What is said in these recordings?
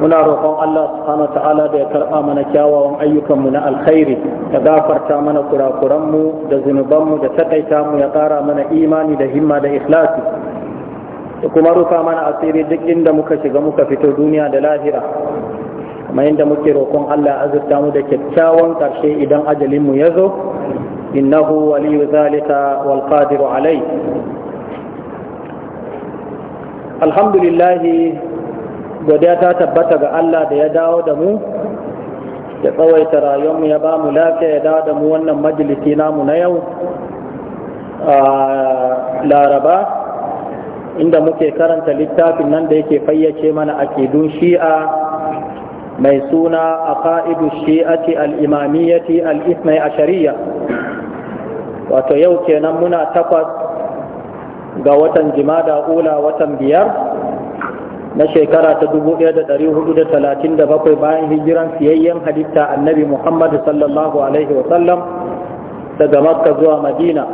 muna roƙon Allah subhanahu ta'ala da ya karɓa mana kyawawan ayyukanmu na alkhairi ya gafarta mana kurakuranmu da zunubanmu da takaita mu ya ƙara mana imani da himma da ikhlasi da kuma rufa mana asiri duk inda muka shiga muka fito duniya da lahira kamar inda muke roƙon Allah azurta mu da kyakkyawan ƙarshe idan ajalinmu ya zo innahu waliyu zalika wal qadiru alai alhamdulillahi godiya ta tabbata ga Allah da ya dawo da mu ya tsawaita mu ya ba mu lafiya ya dawo da mu wannan majalisi namu na yau a laraba inda muke karanta littafin nan da yake fayyace mana akidun shi'a mai suna a ka'idu shi'ati al'imamiyyati al'ismai a shari'a wato yau kenan muna takwas ga watan jima da ula watan biyar na shekara ta 1437 bayan hijiran siyayyen halitta annabi Muhammad sallallahu alaihi wasallam daga Makka zuwa Madina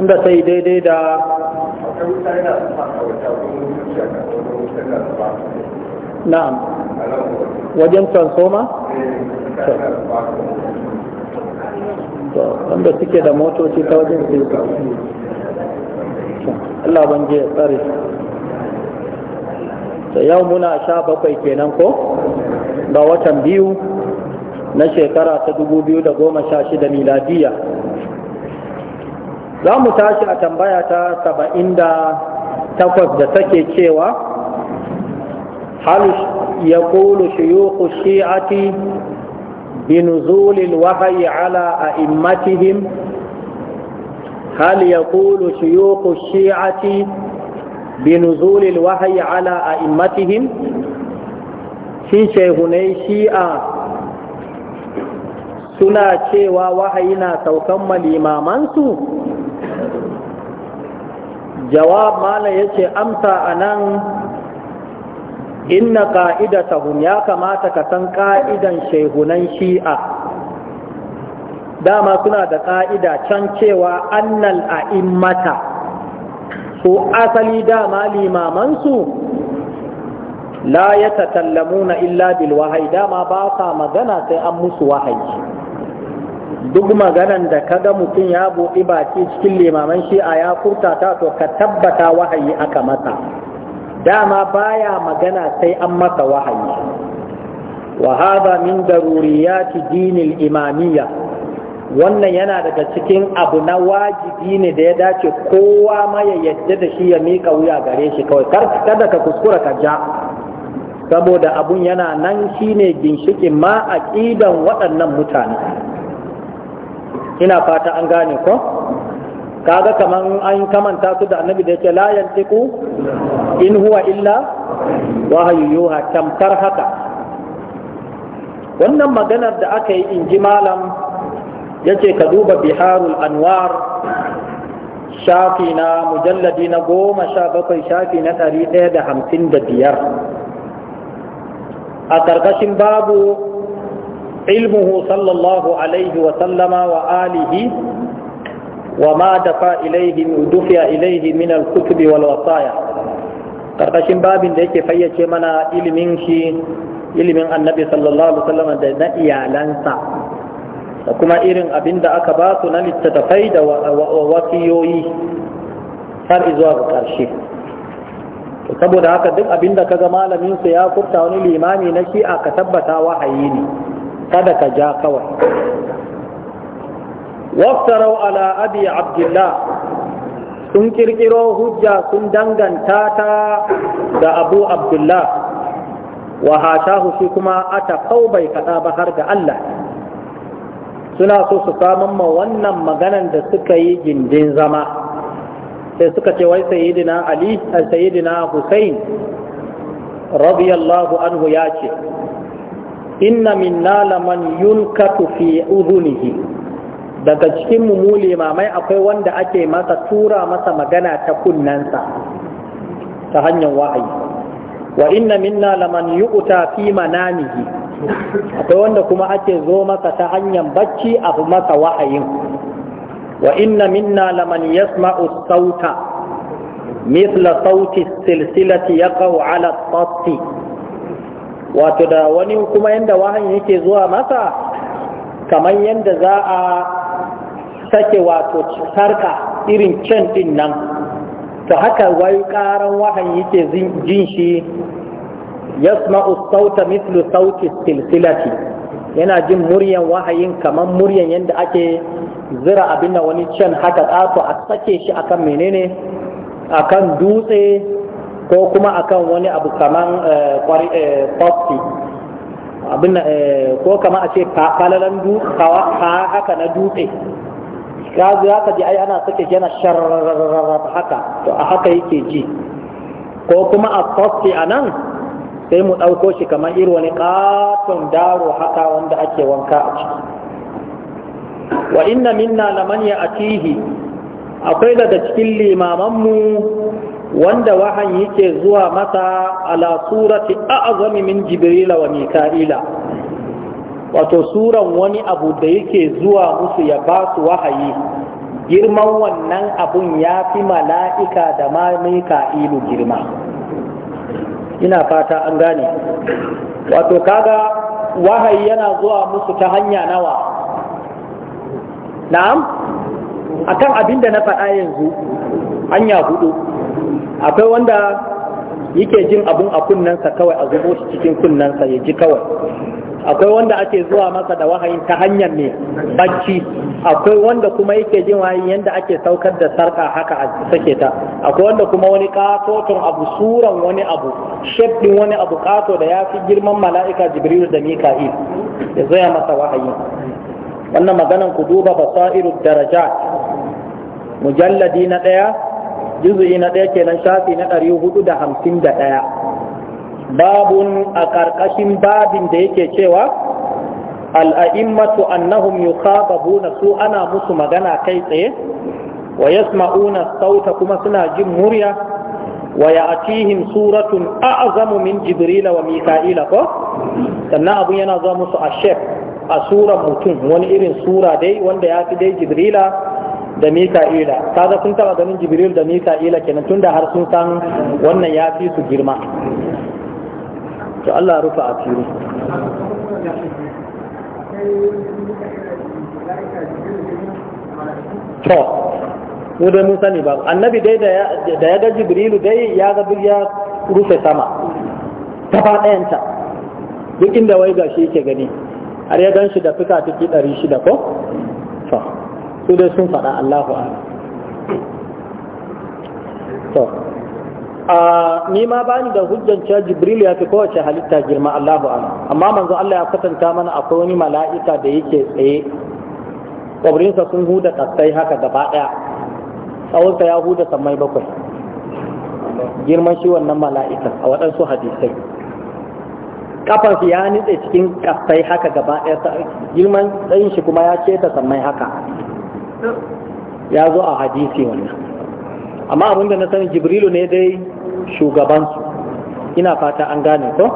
inda sai daidai da na'am wajen transformer wanda suke da motoci ta wajen Allah ban je ta yau muna sha bakwai kenan ko ga watan biyu na shekara ta dubu biyu da goma sha shida miladiya za mu tashi a tambaya ta saba'in da takwas da take cewa hal ya kulu shiyuku shi'ati بنزول الوحي على أئمتهم هل يقول شيوخ الشيعة بنزول الوحي على أئمتهم shi shehunai shi'a suna cewa wahayi na saukan malimamansu jawab mala ya ce amsa a nan inna ka'idatahum ya kamata ka san ka'idan shehunan shi'a dama suna da ka'ida can cewa annal a'immata ko asali dama limamansu la ya na illa bil wahayi dama ba sa magana sai an musu wahayi duk maganan da ka ga mutum ya buɗi baki cikin limaman shi'a ya furta ta to ka tabbata wahayi aka mata dama baya magana sai an masa wahayi wa hada min daruriyati dinil imamiyya wannan yana daga cikin abu na wajibi ne da ya dace kowa ma ya yadda da shi ya miƙa wuya gare shi kawai kada ka kuskura ka ja saboda abun yana nan shi ne ginshikin ma a ƙidan waɗannan mutane ina fata an gane ko kaga kaman an kamanta su da annabi da yake la yantiku in huwa illa wahayu yuha tamkar haka wannan maganar da aka yi in ji malam yace ka duba biharul anwar shafi na mujalladi na goma sha bakwai shafi na ɗari ɗaya da hamsin da biyar a ƙarƙashin babu ilmuhu sallallahu alaihi wa sallama wa alihi wa ma dafa ilaihi dufiya ilaihi min al-kutubi wal wasaya ƙarƙashin babin da yake fayyace mana ilimin shi ilimin annabi sallallahu alaihi wa sallama da na iyalansa da kuma irin abin da aka ba su na littattafai da wasiyoyi har zuwa ga ƙarshe saboda haka duk abin da ka malamin su ya furta wani limami na shi a ka tabbata wahayi ne kada ka ja kawai waftarau ala abi abdullah sun kirkiro hujja sun danganta ta da abu abdullah wa hashahu shi kuma ata kau bai kaɗa ba har ga allah suna so su samun ma wannan maganan da suka yi gindin zama sai suka ce wai sayyidina ali sayyidina hussein radiyallahu anhu ya ce inna minna laman yunkatu fi udhunihi daga cikin mu akwai wanda ake masa tura masa magana ta kunnansa ta hanyar wa'ayi wa inna minna laman yu'ta fi manamihi akwai wanda kuma ake zo maka ta hanyar bacci a maka wahayin wa inna minna laman yasma'u sauta mithla sauti silsilati yaqau ala tatti wato da wani kuma yanda wahayin yake zuwa masa kamar yanda za a sake wato sarka irin can din nan to haka wai karan wahan yake jin shi yasma'u sauta mislu sauti silsilati yana jin muryan wahayin kamar muryan yadda ake zira abin da wani can haka tsato a sake shi akan menene akan dutse ko kuma akan wani abu kaman eh, kwasti eh, eh, ko kama a ce falalan ha haka na dutse ya zo haka ji ai ana sake shi yana nan. sai mu ɗauko shi kamar iri wani ƙaton daro haka wanda ake wanka a ciki wa inna minna laman ya atihi akwai daga cikin limamanmu wanda wahan yake zuwa masa ala surati a'zami min jibrila wa mika'ila wato suran wani abu da yake zuwa musu ya ba su wahayi girman wannan abun ya fi mala'ika da ma mika'ilu girma ina fata an gane wato kaga wahayi yana zuwa musu ta hanya nawa na'am akan abin da na faɗa yanzu hanya hudu akwai wanda yake jin abun a kunnensa kawai a zubo shi cikin kunnensa ya ji kawai akwai wanda ake zuwa masa da wahayi ta hanyar ne bacci akwai wanda kuma yake jin wahayin yanda ake saukar da sarka haka a sake ta akwai wanda kuma wani katoton abu suran wani abu ɗin wani abu kato da ya fi girman mala'ika jibril da mika'il ya zaya masa wahayi wannan maganan ku duba basairu daraja mujalladi na ɗaya juzu'i na ɗaya kenan shafi na ɗari da hamsin da ɗaya babun a ƙarƙashin babin da yake cewa al'a'immatu annahum na su ana musu magana kai tsaye wa yasma'una sauta kuma suna jin murya wa ya'tihim suratun a'zamu min jibrila wa mika'ila ko sannan abun yana zuwa musu a shek a suran mutum wani irin sura dai wanda ya fi dai jibrila da mika'ila kaga sun taba ganin jibril da mika'ila kenan tunda har sun san wannan ya fi su girma to Allah rufa a fili to mu dai mun sani ba annabi dai da ya ga jibrilu dai ya ga ya rufe sama gaba ɗayanta duk inda wai ga shi yake gani har ya gan shi da fuka tuki ɗari shida ko to su dai sun faɗa Allahu a'lam to ni ma bani da hujjan cewa jibril ya fi kowace halitta girma Allahu a'lam amma manzo Allah ya kwatanta mana akwai wani mala'ika da yake tsaye kwabrinsa sun huda kasai haka gaba daya tsawonsa ya huda sammai bakwai girman shi wannan mala'ikan a waɗansu hadisai kafansu ya nitse cikin kasai haka gaba daya girman tsayin shi kuma ya ce ta sammai haka ya zo a hadisi wannan amma abinda na sani jibrilu ne dai shugabansu ina fata an gane ko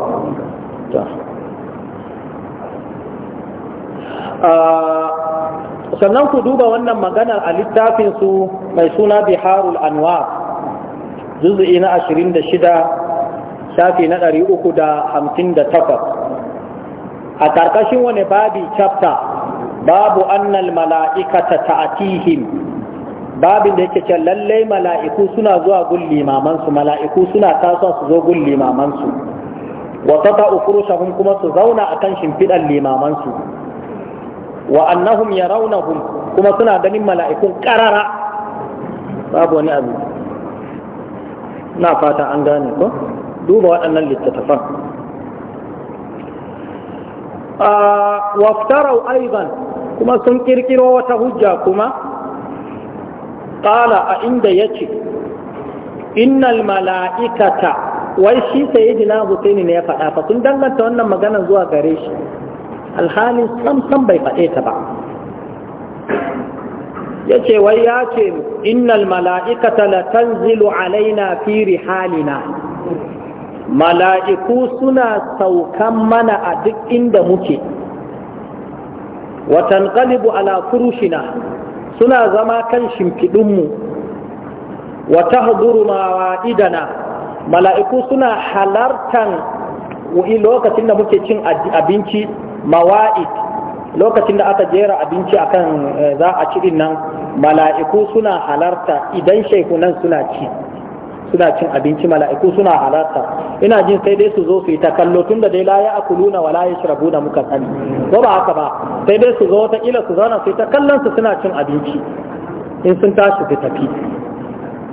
ah, sannan ku duba wannan maganar a littafinsu mai suna biharul anwar zuzu'i na 26 shafi na 358 a ƙarƙashin wani babi chapter babu annal mala'ikata ta'atihim babin da yake ce lallai mala'iku suna zuwa gun limamansu mala'iku suna tasowa su zo gun limamansu wa ukuru ufurushahum kuma su zauna a kan shimfiɗan limamansu wa annahum ya yarawnahum kuma suna ganin mala'ikun ƙarara babu wani abu na fata an gane ko duba waɗannan littattafan ah, waftarau aiban kuma sun kirkiro wata hujja kuma qala a inda yace innal mala'ikata wai shi sayyidina Husaini ne ya faɗa fa sun danganta wannan magana zuwa gare shi alhalin sam bai faɗe ta ba yace wai ya ce mala'ikata la alaina fi mala'iku suna saukan mana a duk inda muke watan qalibu ala furushina suna zama kan shimfiɗinmu wa tahduru idana mala'iku suna halartan lokacin da muke cin abinci mawa'id lokacin da aka jera abinci akan eh, za a ci nan mala'iku suna halarta idan shaikunan suna ci suna cin abinci mala'iku suna halarta ina jin sai dai su zo su yi ta kallo tunda dai la ya'kuluna wala ya yashrabuna muka sani ko ba haka ba sai dai su zo wata kila su zauna su yi ta kallon su suna cin abinci in sun tashi su tafi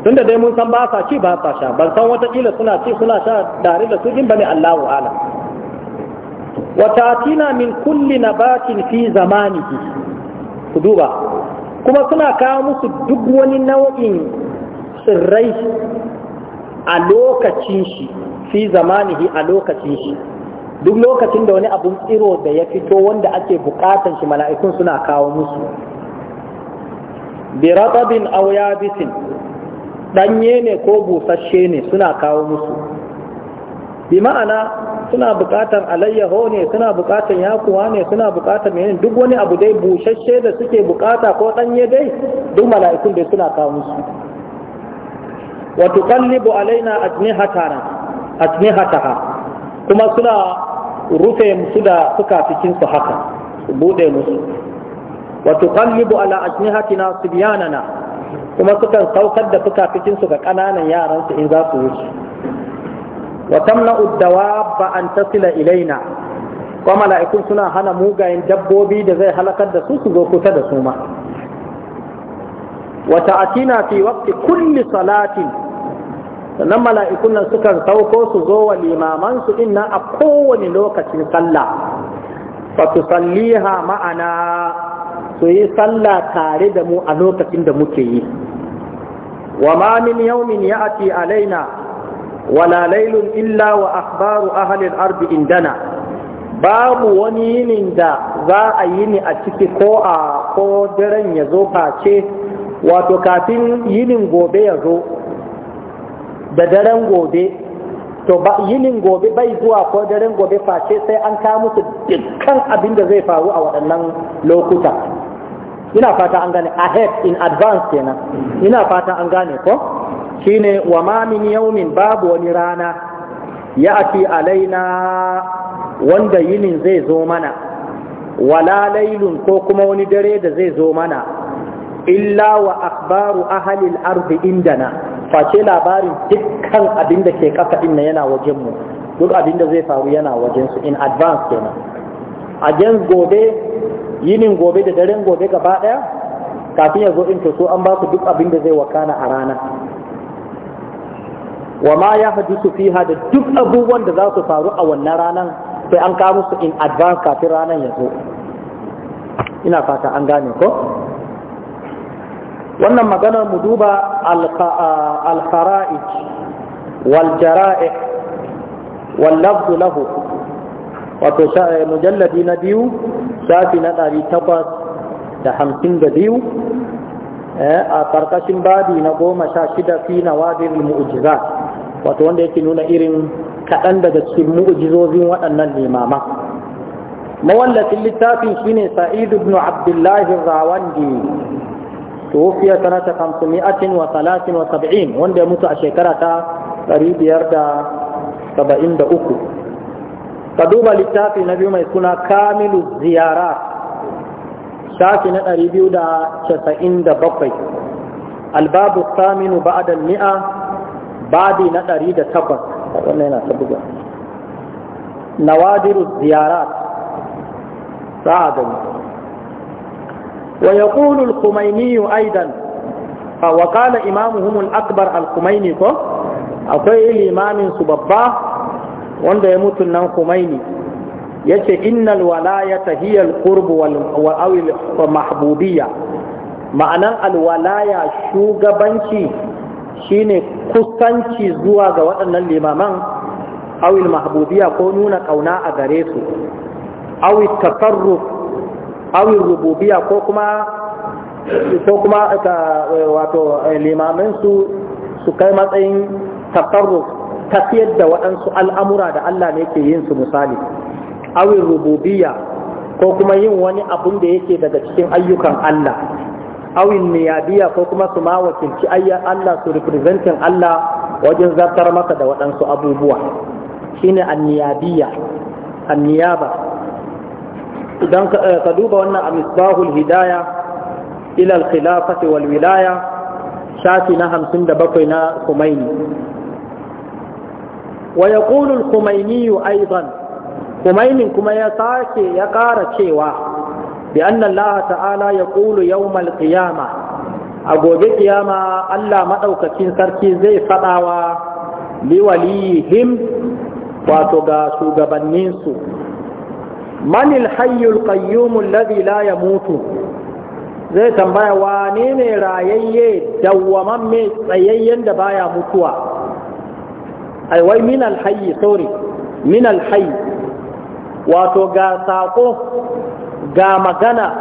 tunda dai mun san ba sa ci ba sa sha ban san wata kila suna ci suna sha tare da su din bane Allahu a'lam wa ta'tina min kulli nabatin fi zamanihi ku duba kuma suna kawo musu duk wani nau'in tsirrai a lokacin shi fi zamanihi a lokacin shi duk lokacin da wani abun tsiro da ya fito wanda ake bukatan shi mala'ikun suna kawo musu bi ratabin aw yabisin danye ne ko busasshe ne suna kawo musu bi ma'ana suna bukatan alayyaho ne suna bukatan yakuwa ne suna bukatan menene duk wani abu dai busasshe da suke bukata ko ɗanye dai duk mala'ikun dai suna kawo musu wa tuqallibu alaina ajnihatana ajnihataha kuma suna rufe musu da suka cikin haka su bude musu wa tuqallibu ala ajnihatina subyanana kuma sukan saukar da fuka cikin ga kananan yaransu in za su wuce wa tamna'u dawabba an ilaina ko mala'ikun suna hana mugayen dabbobi da zai halakar da su su zo kusa da su ma wa ta'atina fi kulli salatin sannan mala'ikun nan sukan sauko su zo wa limamansu inna a kowane lokacin sallah fa su salliha ma'ana su yi sallah tare da mu a lokacin da muke yi wa ma min ya ake alaina wala lailun illa wa akhbaru ahalin al indana babu wani yinin da za a yi ni a ciki ko a ko daren ya zo face wato kafin yinin gobe ya zo da daren gobe to yinin gobe bai zuwa ko daren gobe face sai an ka musu dukkan abin da zai faru a waɗannan lokuta ina fata an gane ahead in advance kenan ina fata an gane ko shine wa ma min yaumin babu wani rana ya ati alaina wanda yinin zai zo mana wala lailun ko kuma wani dare da zai zo mana illa wa akhbaru ahalil ardi indana face labarin dukkan abin da ke kasa din yana wajen mu duk abin da zai faru yana wajen su in advance kenan against gobe yinin gobe da daren gobe gaba daya kafin ya zo in to so an ba su duk abin da zai wakana a rana wa ma ya hadisu fiha da duk abubuwan da za su faru a wannan ranan sai an kawo su in advance kafin ranan ya zo ina fata an gane ko wannan maganar mu duba al-khara'ij wal jara'ih wal lafzu lahu wato eh, mujalladi na biyu shafi na ɗari takwas da hamsin da biyu eh, a ƙarƙashin babi na goma sha shida fi na wadir mu'ujiza wato wanda yake nuna irin kaɗan daga cikin mu'ujizozin waɗannan limama mawallafin littafin shine sa'idu ibn abdullahi rawandi توفي سنة 573 وندى موسى الشيكرة قريب يردى 73 فدوب للتاف النبي ما يكون كامل الزيارات شاكي نقري بيودا 97 الباب الثامن بعد المئة بعد نقري دا تقص نوادر الزيارات ساعدني ويقول الخميني أيضا وقال إمامهم الأكبر الخميني كو أقول الإمام سببا وند يموت النام خميني يتي إن الولاية هي القرب أو المحبوبية معنى الولاية شو قبنشي shine kusanci zuwa ga waɗannan limaman awil mahbubiya ko nuna ƙauna a gare su awil tasarruf awin rububiya ko kuma ko kuma ka wato eh, limamin su su kai matsayin tasarruf tafiyar da waɗansu al'amura da Allah ne ke yin su misali awin rububiya ko kuma yin wani abun da yake daga cikin ayyukan Allah awin niyabiya ko kuma su ma wakilci Allah su representin Allah wajen zartar masa da waɗansu abubuwa shine an niyaba idan eh, ka duba wannan a misbahul hidaya ila al-khilafati wal wilaya shafi na 57 na Khomeini wa yaqulu al-Khomeini aidan Khomeini kuma ya sake ya ƙara cewa bi anna Allah ta'ala yaqulu yawm al-qiyama a gobe kiyama Allah madaukakin sarki zai fadawa liwalihim wato ga shugabanninsu Manil alhayyul qayyum alladhi la yamutu zai tambaya wane ne rayayye dawwaman mai tsayayyen da baya mutuwa ai min alhayy sorry min alhayy wato ga sako ga magana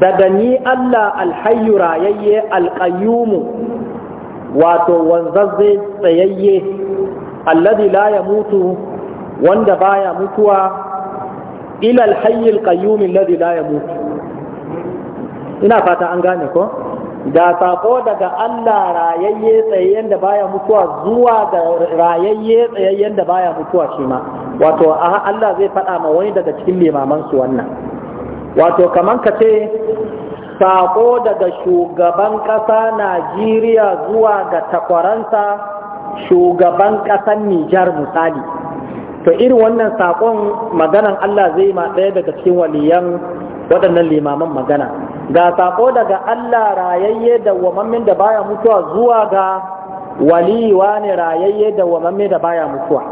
da ni Allah alhayyu rayayye alkayyumu wato wanzazze tsayayye alladhi la yamutu wanda baya mutuwa ila alhayyil qayyum alladhi la yamut ina fata an gane ko da sako daga Allah rayayye tsayayyen da baya mutuwa zuwa ga rayayye tsayayyen da baya mutuwa shi ma wato Allah zai faɗa ma wani daga cikin limaman su wannan wato kaman ka ce sako daga shugaban ƙasa Najeriya zuwa ga takwaransa shugaban ƙasar Nijar misali to irin wannan saƙon maganan Allah zai ma ɗaya daga cikin waliyan waɗannan limaman magana ga saƙo daga Allah rayayye da wamammin da baya mutuwa zuwa ga waliwa ne rayayye da wamammin da baya mutuwa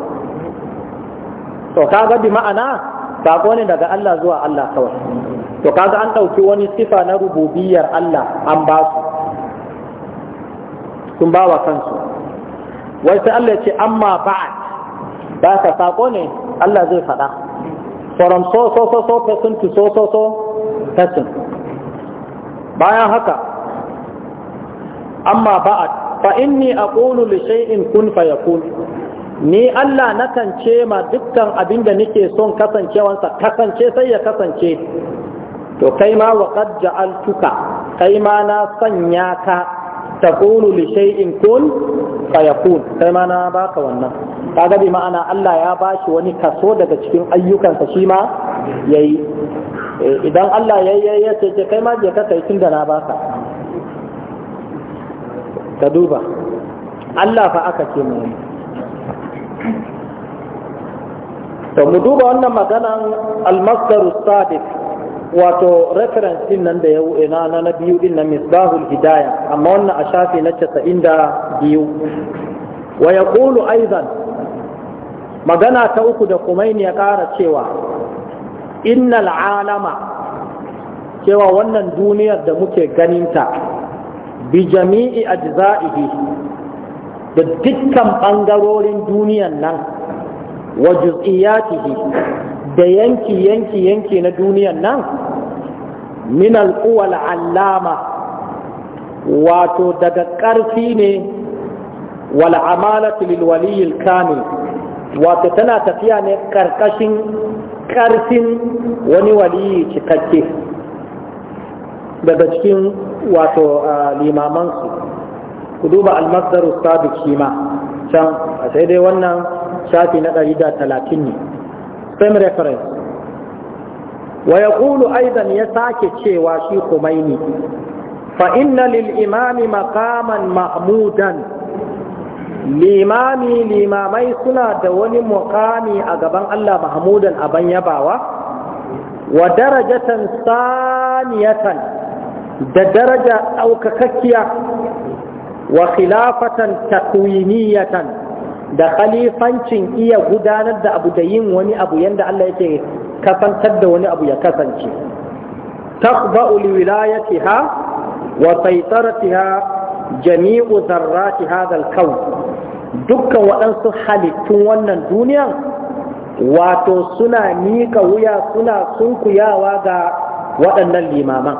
to kaga bi ma'ana saƙo ne daga Allah zuwa Allah kawai to kaga an ɗauki wani sifa na rububiyar Allah an ba su sun ba wa kansu wai sai Allah ya ce amma ba'ad ba ka sako ne Allah zai faɗa from so so so so person to so so so person bayan haka amma ba'ad fa inni aqulu li shay'in kun fayakun ni Allah nakan ce ma dukkan abin da nake son kasancewansa kasance sai ya kasance to kai ma wa qad ja'altuka kai ma na sanya ka taqulu li shay'in kun fayakun sai ma na baka wannan kaga bi ma'ana Allah ya bashi wani kaso daga cikin ayyukansa shi ma yayi eh, idan Allah ya ya ce kai ma je ka kai da na baka ka duba Allah fa aka ce mu to mu duba wannan maganan al-masdaru sadiq wato reference din nan da ya ina na na biyu din nan misbahul hidaya amma wannan a shafi na 92 wa yaqulu aidan magana ta uku da kumaini ya ƙara cewa innal alama cewa wannan duniyar da muke ganinta bi jami'i ajza'ihi da dukkan ɓangarorin duniyar nan wa juz'iyatihi da yanki yanki yanki na duniyan nan min al'uwal allama wato daga ƙarfi ne wal amalatu lil waliyil kamil wato tana tafiya ne ƙarƙashin ƙarfin wani waliyi cikakke daga cikin wato limamansu ku duba almasdaru sabiq shi ma can sai dai wannan shafi na 130 ne same reference wa yaqulu aidan ya sake cewa shi Khomeini fa inna lil imami makaman mahmudan limami limamai suna da wani mukami a gaban Allah mahmudan a ban yabawa wa darajatan saniyatan da daraja daukakakkiya wa khilafatan takwiniyatan da khalifancin iya gudanar da abu da yin wani abu yanda Allah yake kasantar da wani abu ya kasance taqba'u liwilayatiha wa saytaratiha jami'u zarrati hadha al-kawn dukkan waɗansu halittun wannan duniya wato suna miƙa wuya suna sunkuyawa ga waɗannan limaman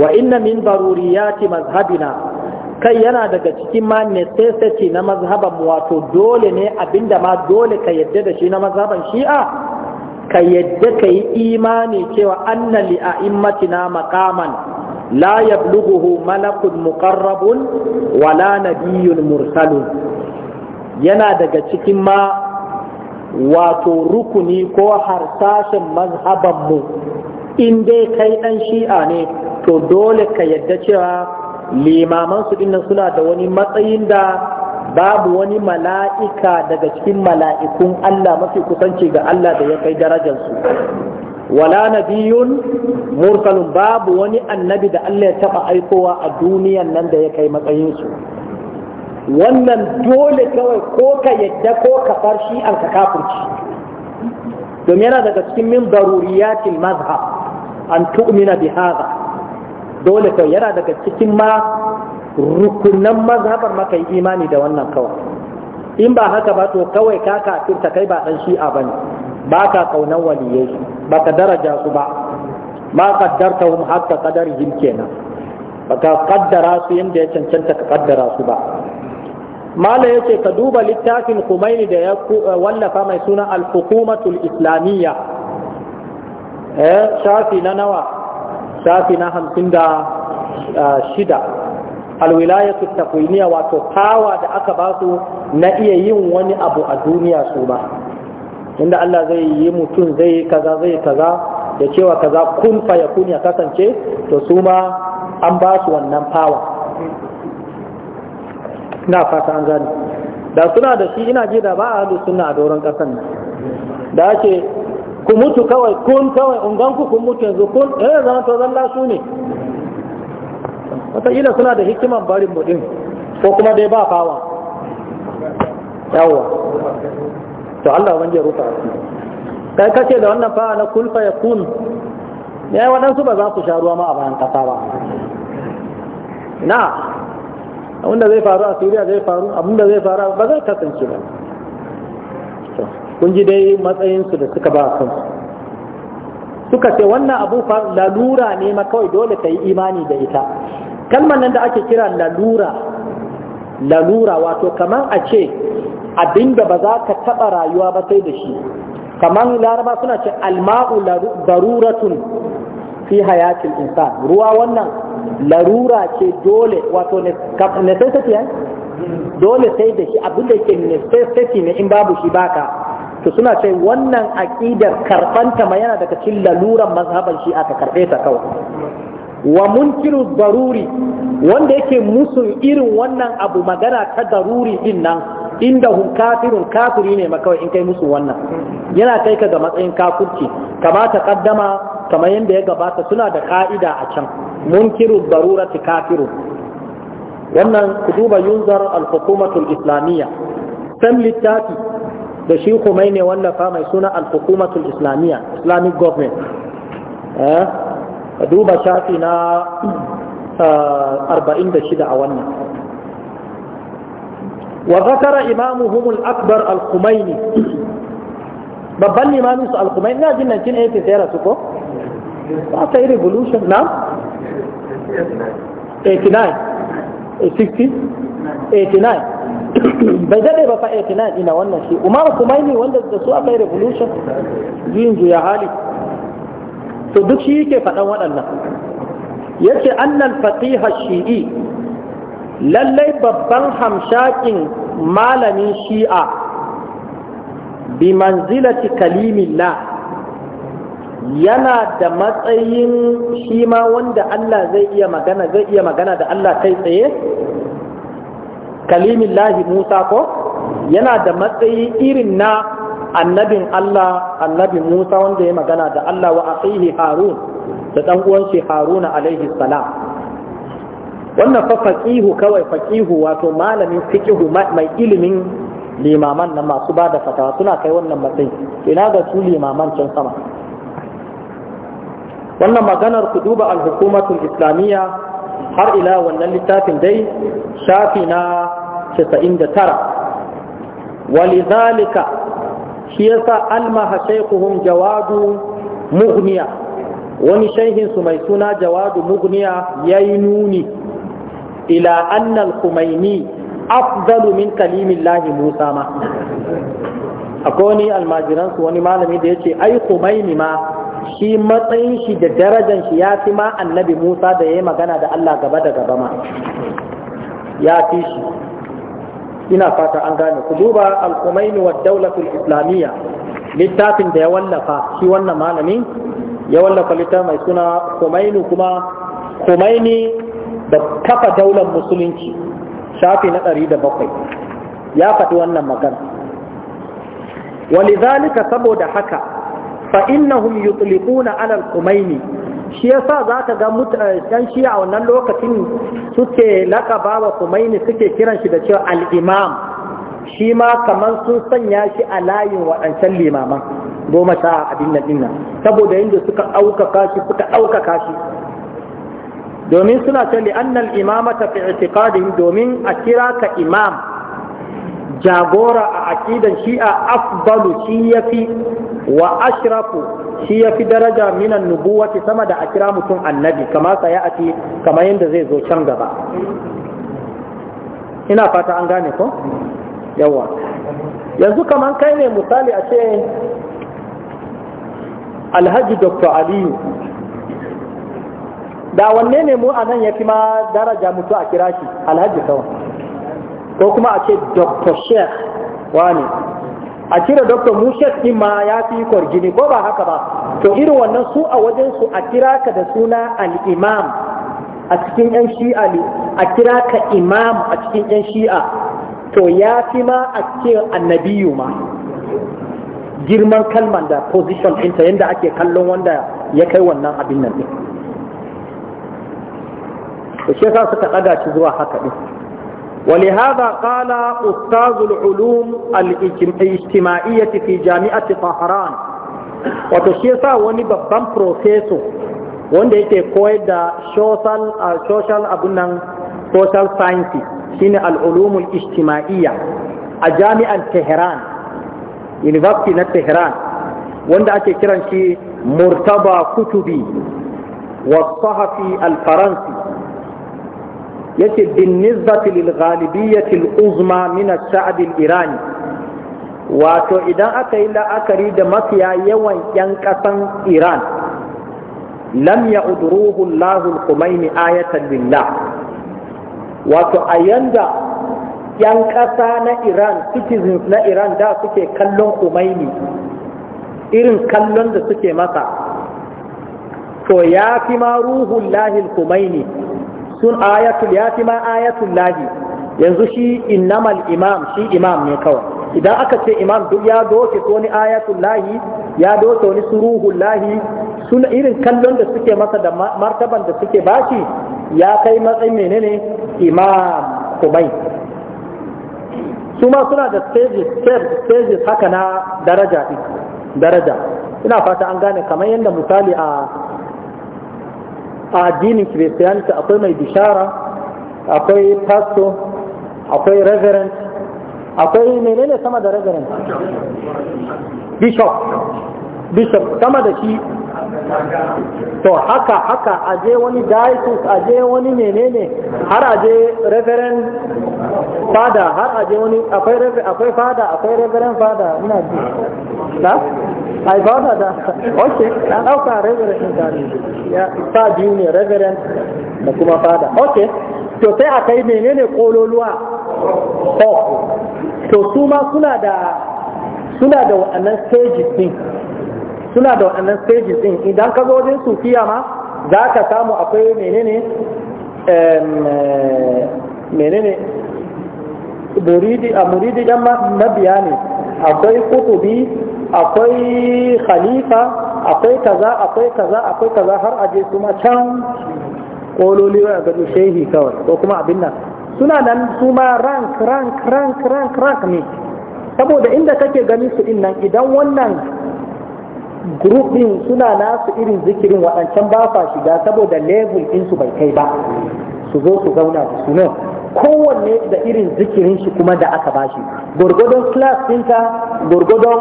wa inna min daruriyati mazhabina kai yana daga cikin ma necessity na mazhaban wato dole ne abinda ma dole ka yadda da shi na mazhaban shi'a ka yadda ka yi imani cewa anna li a'immatina maqaman la yablughuhu malakun muqarrabun wala nabiyyun mursalun yana daga cikin ma wato rukuni ko harsashin mazhaban mu. in dai kai dan shi'a ne to dole ka yadda cewa limaman su dinnan suna da wani matsayin da babu wani mala'ika daga cikin mala'ikun Allah mafi kusanci ga Allah da ya kai darajarsu wala nabiyun mursalun babu wani annabi da Allah ya taba aikowa a duniyan nan da ya kai matsayinsu wannan dole kawai ko ka yadda ko ka far shi an ka kafirci domin yana daga cikin min daruriyatil mazhab an tu'mina bi hadha dole kawai yana daga cikin ma rukunan mazhabar maka yi imani da wannan kawai in ba haka ba to kawai ka kafirta kai ba dan shi'a bane ba ka kaunan waliyai ba ka daraja su ba ma qaddartahum hatta yin kenan ba ka kaddara su yadda ya cancanta ka kaddara su ba mala ya ce ka duba littafin kumaini da ya eh, wallafa mai suna al-hukumatul islamiyya eh shafi na nawa safi na hamsin da ah, shida alwilayatu takwiniya wato fawa da aka ba su na iya yin wani abu a duniya su ba inda Allah zai yi mutum zai kaza zai kaza da cewa kaza kun faya kun ya kasance to su ma an ba su wannan fawa na fata an gani da suna da shi ina ji da ba a suna a doron kasan nan da ake ku mutu kawai kun kawai ungan ku kun mutu yanzu kun eh zama to zalla su ne wataƙila suna da hikiman barin mutum ko kuma dai ba fawa yawa to Allah ya rufa kai kace da wannan fa'a na kulfa ya kun ya waɗansu ba za ku sha ruwa ma a bayan ƙasa ba na abinda zai faru a suriya zai faru abinda zai faru ba zai kasance ba kun ji dai matsayinsu da suka ba kansu suka ce wannan abu lalura ne ma kawai dole ka yi imani da ita kalmar nan da ake kira lalura lalura wato kamar a ce abinda ba za ka taɓa rayuwa ba sai da shi kamar laraba suna ce alma'u daruratun fi insa. ruwa wannan larura ce dole wato necessity eh? dole sai da shi abinda ke necessity ne in babu shi baka to suna ce wannan aƙidar karɓanta ma yana daga cikin laluran mazhaban shi a karɓe ta kawai wa munkiru daruri wanda yake musu irin wannan abu magana ta daruri din nan inda hun kafirun kafiri ne ma kawai in kai musu wannan yana kai ka ga matsayin kafirci kama ta kaddama kamar yadda ya gabata suna da ka'ida a can munkiru darurati kafirun wannan ku duba yunzar al-hukumatul islamiyya sam littafi da shi ne wallafa mai suna al-hukumatul islamiyya islamic government eh? A duba shafi na 46 eh, a wannan wa zakara imamuhum al-akbar al-Khomeini babban limamin su al-Khomeini na jin 1980 sai su ko ba ta yi revolution na 89 60 89 bai dade ba fa na ina wannan shi umar kumaini wanda da su aka yi revolution juyin juya hali to duk shi yake faɗan waɗannan yace annal fatiha shi'i lallai babban hamshakin malamin shi'a bi manzilati kalimillah yana da matsayin shi ma wanda Allah zai iya magana zai iya magana da Allah kai tsaye kalimillahi Musa ko yana da matsayi irin na annabin Allah annabi Musa wanda ya magana da Allah wa akhihi Harun da dan uwan shi Haruna alaihi salam wannan fa faqihu kawai faqihu wato malamin fiqhu mai ilimin limaman nan masu ba da fatawa suna kai wannan matsayi ina ga su limaman can sama wannan maganar ku duba al-hukumatul islamiyya har ila wannan littafin dai shafi na 99 ولذلك شيسا ألمح شيخهم jawadu مغنية wani shaihinsu mai suna jawadu mugniya ya yi nuni ila annal kumaini afdalu min kalimillahi musa ma akwai wani almajiransu wani malami da ya ce ai kumaini ma shi matsayin shi da darajan shi ya fi ma annabi Musa da ya yi magana da Allah gaba da gaba ma ya fi shi ina fata an gane ku duba al-Khumaini wa Dawlatul Islamiyya littafin da ya wallafa shi wannan malamin ya wallafa littafin mai suna Khumaini kuma Khumaini da kafa daular musulunci shafi na ɗari da bakwai ya faɗi wannan magana walizalika saboda haka fa innahum yutliquna ala al-khumaini shi yasa za ka ga mutan shi a wannan lokacin suke lakaba wa kumaini suke kiran shi da cewa al'imam shi ma kamar sun sanya shi a layin waɗancan limaman goma sha abin nan dinnan saboda yadda suka ɗaukaka shi suka ɗaukaka shi domin suna ce li'annal imamata fi itiqadihim domin a kira ka imam jagora a aqidan shi'a afdalu shi fi wa ashrafu shi yafi daraja minan nubuwati sama da a kira mutum annabi kama sa ya ati kamar yadda zai zo can gaba ina fata an gane ko yawa yanzu kaman kai ne misali a ce alhaji dr aliyu da wanne ne mu a nan ya fi ma daraja mutu a kira shi alhaji kawai ko kuma a ce dr sheikh wani a kira dr mu din ma ya fi kwargini ko ba haka ba to irin wannan su a wajen su a kira ka da suna al-imam a cikin yan shi'a ne a kira ka imam a cikin yan shi'a to ya fi ma a ce annabiyu ma girman kalman da position ɗinta yadda ake kallon wanda ya kai wannan abin nan ɗin. Da shi suka ɗaga shi zuwa haka ɗin. kala ولهذا قال أستاذ العلوم الاجتماعية في جامعة طهران وتشيسا wani babban بروفيسور wanda yake koyar da social abunan social sciences shine al'ulumul ijtima'iyya a jami'an Tehran University na Tehran wanda ake kiran shi Murtaba Kutubi wa Sahafi al yace bin nisbati lil ghalibiyyati al uzma min as-sa'd al irani wato idan aka yi la'akari da mafiya yawan yan kasan iran lam ya'udruhu Allah al khumaini ayatan lillah wato a yanda yan kasa na iran citizens na iran da suke kallon khumaini irin kallon da suke masa to ya fi ma ruhun lahil sun ayatul ma ayatul lahi yanzu shi innamal imam shi imam ne kawai idan aka ce imam duk ya doke wani ayatul lahi ya doke wani suruhul lahi suna irin kallon da suke masa da martaban da suke bashi ya kai matsayin menene imam kubai su ma suna da stages stages haka na daraja daraja ina fata an gane kamar yadda misali a a addinin kiristiyanci akwai mai bishara akwai pastor akwai reverend akwai menene sama da reverend bishop bishop sama da shi to haka haka aje wani a aje wani menene har aje referen fada har aje wani akwai akwai fada akwai referen fada ina ji da? ai fada da okay na dauka reverend da ya fa ne, referen da kuma fada okay to sai akai menene kololuwa to to su ma suna da suna da waɗannan stages din suna da waɗannan stages ɗin idan ka zo wajen sufiya ma za ka samu akwai menene eh, menene a muridi ɗan mabiya ne akwai kutubi akwai khalifa akwai kaza akwai kaza akwai kaza har aje kuma can kololi wa ga shehi kawai ko kuma abin nan suna nan su ma rank rank rank rank rank ne saboda inda kake gani su din nan idan wannan group suna nasu irin zikirin waɗancan ba sa shiga saboda level su bai kai ba su zo su zauna da su nan kowanne da irin zikirin shi kuma da aka bashi gurgudun class ɗinka gurgudun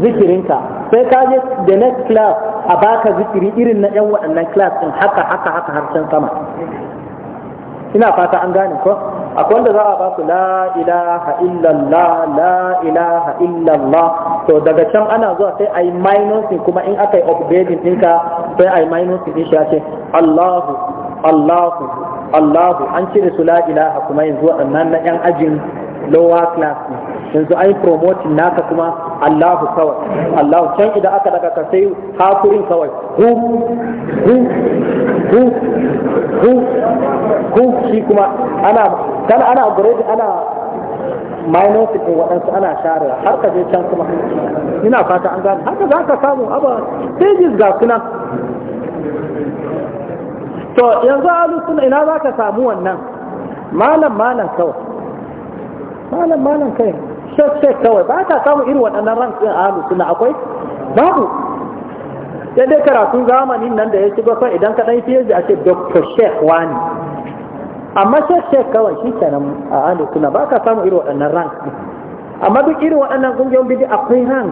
zikirinka sai ka je the next class a baka zikiri irin na yan waɗannan class ɗin haka haka haka har can sama ina fata an gane ko akwai wanda za a ba su la ilaha illallah la ilaha illallah to daga can ana zuwa sai a yi kuma in aka yi upgrading ɗinka sai a yi minusin ɗin shi ce Allahu Allahu Allahu an cire su la ilaha kuma yanzu waɗannan na 'yan ajin lower class yanzu ai promoting naka kuma Allahu kawai Allahu can idan aka daga ka sai hakurin kawai hu hu hu hu hu shi kuma ana kana ana upgrade ana minus din waɗansu ana share har ka je can kuma ina fata an gane haka za ka samu aba stages ga suna to yanzu alu suna ina za ka samu wannan malam malam kawai malam malam kai sai kawai ba ka samun irin waɗannan ran ɗin ahalu suna akwai babu sai dai karatun zamanin nan da ya shiga fa idan ka ɗan fiye a ce dr sheikh wani amma sheikh sheikh kawai shi kenan a ahalu suna ba ka samun irin waɗannan ran amma duk irin waɗannan ƙungiyoyin bidi akwai ran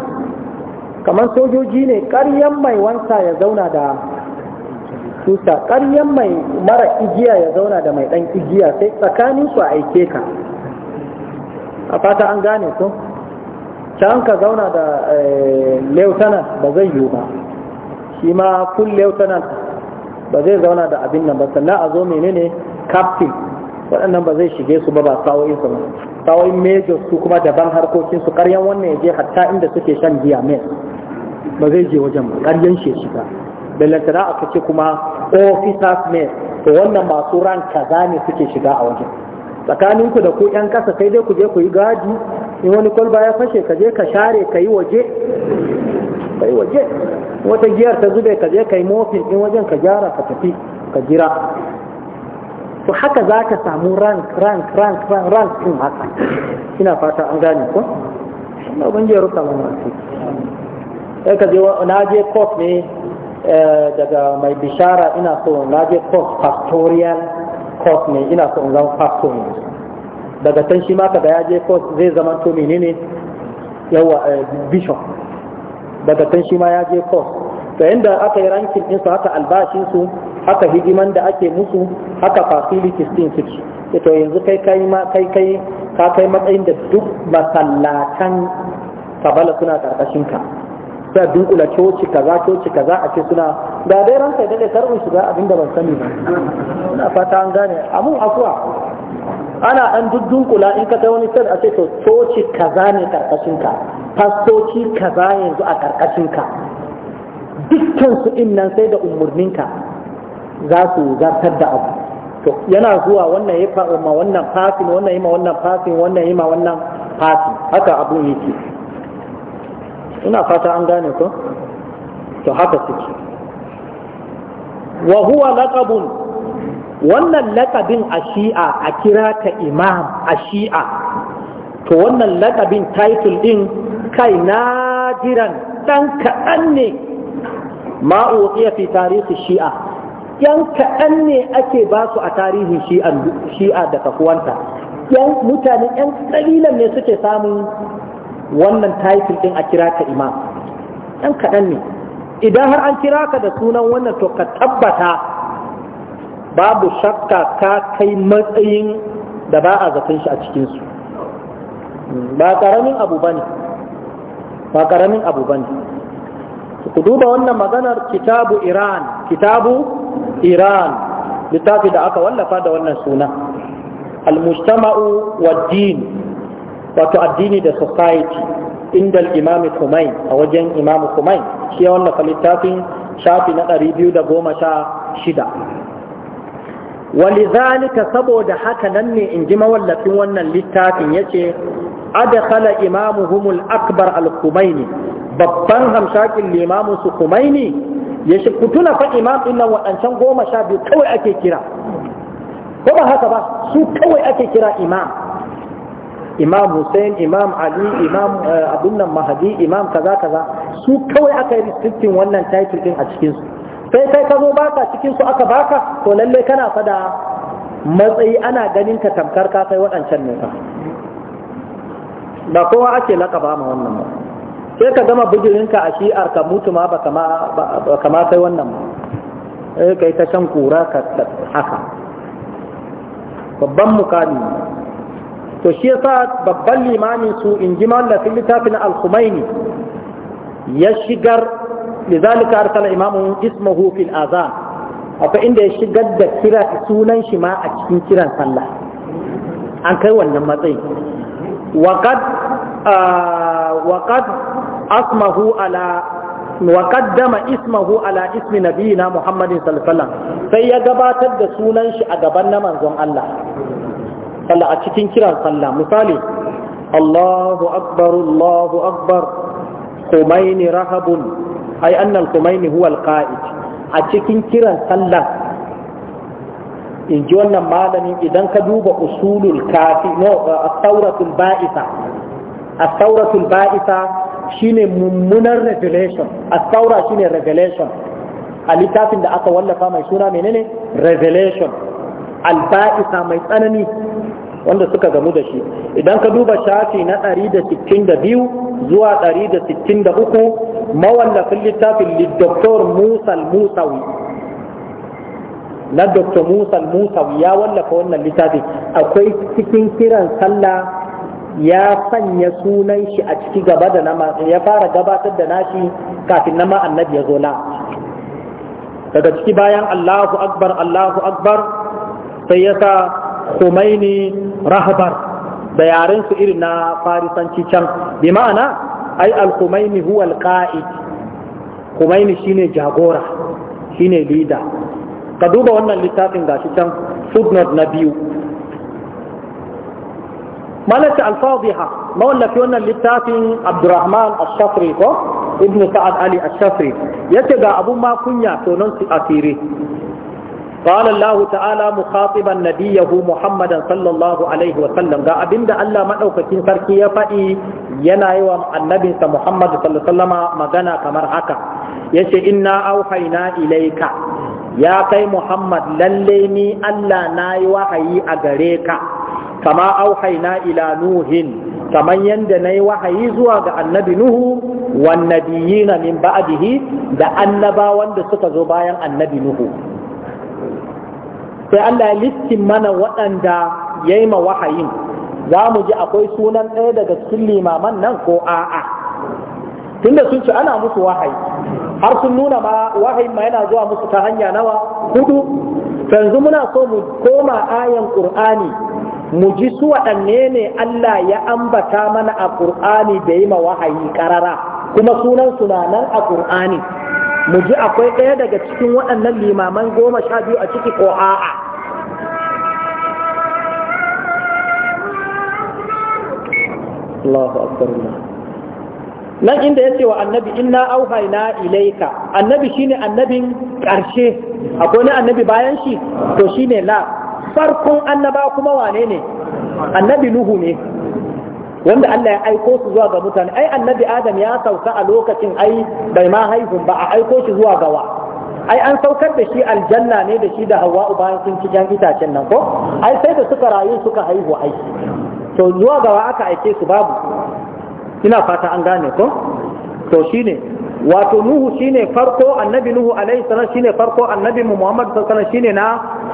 kamar sojoji ne ƙaryan mai wanka ya zauna da tusa ƙaryan mai mara igiya ya zauna da mai ɗan igiya sai tsakanin a aike ka a fata an gane ku can ka zauna da eh, lieutenant ba zai yiwu ba shi ma full lieutenant ba zai zauna da abin nan ba sannan a zo menene captain waɗannan ba zai shige su ba ba sawoyin su ba sawo'in major su kuma daban harkokin su karyan wannan ya je hatta inda suke shan giya mai ba zai je wajen ba karyan shi shiga bellantana aka ce kuma officers mai to wannan masu ran kaza ne suke shiga a wajen tsakaninku da ku yan kasa kai dai ku je ku yi gadi in wani kwalba ya fashe ka je ka share ka yi waje ka yi waje wata giyar ta zube ka je ka yi mofin in wajen ka gyara ka tafi ka jira to haka za ka samu rank rank rank rank rank din haka ina fata an gane ko na ubangiji ya rusa mana asiri sai ka je na je court ne eh, daga mai bishara ina so na je kof pastoral course ne ina so in zama ne daga can shi ma ka ya je course zai zama to menene yawa eh, bishop daga can shi ma ya je course to inda aka yi rankin din su haka albashin su haka hidiman da ake musu haka facilities din su eh, to yanzu kai kai ma kai kai ka kai matsayin da duk masallatan kabala suna karkashin ka za dunkula coci kaza coci kaza a ce suna da dai ranka da karbin shiga abin da ban sani ba ina fata an gane amun afuwa ana an dunkula in ka kai wani sai a ce to coci kaza ne karkashin ka fastoci kaza yanzu a karkashin ka dukkan su din nan sai da ka za su zartar da abu to yana zuwa wannan ya fa'a ma wannan fasin wannan yi ma wannan fasin wannan yi ma wannan fasin haka abun yake ina fata an gane ko to haka suke wa huwa laqabun wannan laqabin a shi'a a kira ka imam a shi'a to wannan laqabin title din kai nadiran dan kaɗan ne ma uqiya fi tarihi shi'a yan kaɗan ne ake ba su a tarihin shi'a da kafuwanta yan mutane yan kalilan ne suke samun wannan title din a kira ka imam dan kaɗan ne idan har an kira ka da sunan wannan to ka tabbata babu shakka ka kai matsayin da ba a zaton shi a cikinsu ba ƙaramin abu ba ne ba ƙaramin abu ba ne ku duba wannan maganar kitabu iran kitabu iran littafi da aka wallafa da wannan suna al-mujtama'u wa din wato addini da society inda al-imami Khomein a wajen imam kumai shi ya wallafa littafin shafi na 216 walizalika saboda haka nan ne in ji mawallafin wannan littafin yace adkhala humul akbar al-Khomeini babban hamshakin limamin su Khomeini ya shi kutuna fa imam din nan waɗancan goma sha biyu kawai ake kira ko ba haka ba su kawai ake kira imam imam hussein imam ali imam eh, abun nan mahadi imam kaza kaza su kawai aka yi restricting wannan title din a cikin su sai kai ka zo baka cikin su aka baka to lalle kana fada matsayi ana ganin ka tamkar ka kai waɗancan ne ba kowa ake laƙaba ma wannan ba sai ka gama bijirinka a shi'ar ka mutu ma ba kama kai wannan ba eh, kai ta shan kura ka haka babban mukami to shi yasa babban limamin su in ji mallafin littafin al-Khumaini ya shigar lidhalika arsala imamu ismuhu fil azan akwai inda ya shigar da kira sunan shi ma a cikin kiran sallah an kai wannan matsayi وقد آه وقد ala على وقدم اسمه على اسم نبينا محمد صلى الله عليه وسلم sai ya gabatar da sunan shi a gaban na Allah sallah a cikin kiran sallah misali Allahu akbar Allahu akbar Khomeini rahabun ai annal Khomeini huwa alqa'id a cikin kiran sallah in ji wannan malamin idan ka duba usulul kafi no as-sauratul ba'isa as-sauratul ba'isa shine mummunar revelation asaura shine revelation a littafin da aka wallafa mai suna menene revelation alba'isa mai tsanani wanda suka gamu da shi idan ka duba shafi na 162 zuwa 163 mawallafin littafin littafin musal musawi na dr musal musawi ya wallafa wannan littafin. akwai cikin kiran sallah ya sanya sunan shi a ciki gaba da nama ya fara gabatar da nashi kafin nama annabi ya zo daga ciki bayan allahu akbar allahu akbar sai ya sa Khomeini Rahabar da yaren su irin na farisanci can bi ma'ana ai al-Khomeini huwa al-qa'id Khomeini shine jagora shine leader ka duba wannan littafin gashi can footnote na biyu malaka al-fadiha mawallafi wannan littafin Abdurrahman al-Shafri ko Ibn Sa'ad Ali al-Shafri yace ga abun ma kunya tonon su asiri قال الله تعالى مخاطبا نبيه محمدا صلى الله عليه وسلم ga abinda Allah madaukakin sarki ya faɗi yana yi wa annabinsa Muhammad sallallahu alaihi wasallam magana kamar haka yace inna auhayna ilaika ya kai Muhammad lalle ni Allah na yi wahayi a gare ka kama auhayna ila nuhin kamar yadda na yi wahayi zuwa ga annabi nuhu wan nabiyina min ba'dihi da annabawan da suka zo bayan annabi nuhu sai Allah ya listin mana waɗanda ya yi ma wahayin za mu ji akwai sunan ɗaya daga cikin limaman nan ko a'a tunda sun ce ana musu wahayi har sun nuna ma wahayin ma yana zuwa musu ta hanya nawa hudu yanzu muna so mu koma ayan qur'ani mu ji su waɗanne ne Allah ya ambata mana a qur'ani da yi ma wahayi karara kuma sunan nan a qur'ani mu ji akwai ɗaya daga cikin waɗannan limaman goma sha biyu a ciki ko a'a nan inda ya ce wa annabi inna auhaina ilaika annabi shine annabin ƙarshe akwai na annabi bayan shi to shine la farkon annaba kuma wane ne annabi nuhu ne wanda Allah ya aiko su zuwa ga mutane ai annabi adam ya sauka a lokacin ai bai ma ba a aiko shi zuwa gawa ai an saukar da shi aljanna ne da shi da Hauwa bayan sun ci jan itacen nan ko ai sai da suka rayu suka haihu ai to zuwa gawa aka aike su babu ina fata an gane ko to shine wato nuhu shine farko annabi nuhu alaihi salam shine farko annabi mu muhammad sallallahu alaihi shine na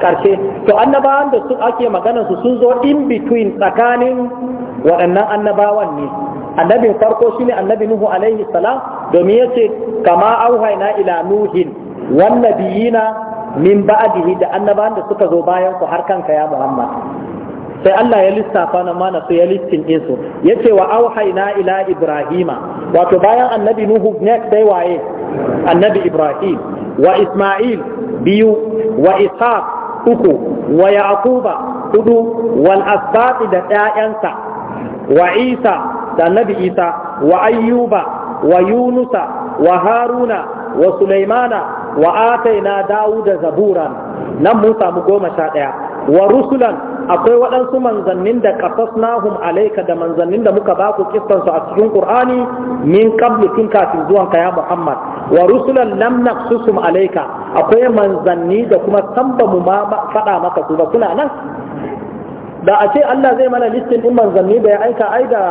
karshe to annabawan da su ake magana su sun zo in between tsakanin waɗannan annabawan ne annabin farko shine annabi nuhu alaihi salam domin yace kama auhayna ila nuhin wan nabiyina min ba'dihi da annabawan da suka zo bayan ku har kanka ya muhammad sai Allah ya lissafa na mana su ya listin su yace wa auhaina ila ibrahima wato bayan annabi nuhu ne sai waye annabi ibrahim wa isma'il biyu wa ishaq uku wa yaquba hudu wal asbaq da ƴaƴansa wa isa da annabi isa wa ayyuba wa yunusa wa haruna wa sulaimana wa ataina dawuda zaburan nan mun samu goma sha ɗaya wa rusulan akwai waɗansu manzannin da qasasnahum alaika da manzannin da muka baku kissan su a cikin kur'ani min qablu tun kafin zuwan ka ya Muhammad wa rusulan lam naqsusum akwai manzanni da kuma san mu faɗa maka su ba kuna nan da a ce Allah zai mana listin din manzanni da ya aika ai da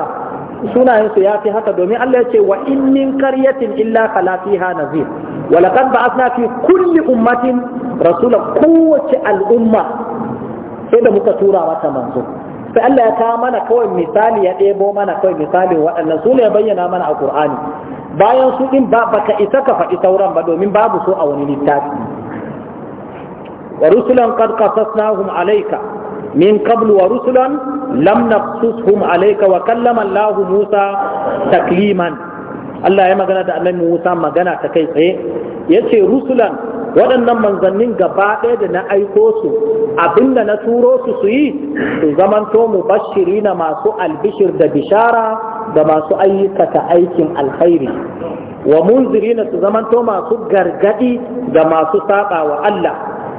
sunayensu ya fi haka domin Allah ya ce wa in min karyatin illa khala fiha nazir wa laqad ba'athna fi kulli ummatin rasula kowace al'umma sai da muka tura mata manzo sai Allah ya kawo mana kawai misali ya ɗebo mana kawai misalin waɗannan su ne ya bayyana mana a Qur'ani bayan su din ba baka isa ka faɗi sauran ba domin babu su a wani littafi wa rusulan qad qasasnahum alayka min qablu wa rusulan lam naqsushum alayka wa kallama Allah Musa takliman Allah ya magana da Annabi Musa magana ta kai tsaye yace rusulan waɗannan manzannin gaba ɗaya da na aiko su abinda na turo su su yi su zamanto mu bashiri na masu albishir da bishara da masu ayyukata aikin alkhairi wa munziri na su zamanto masu gargadi da masu saɓa wa Allah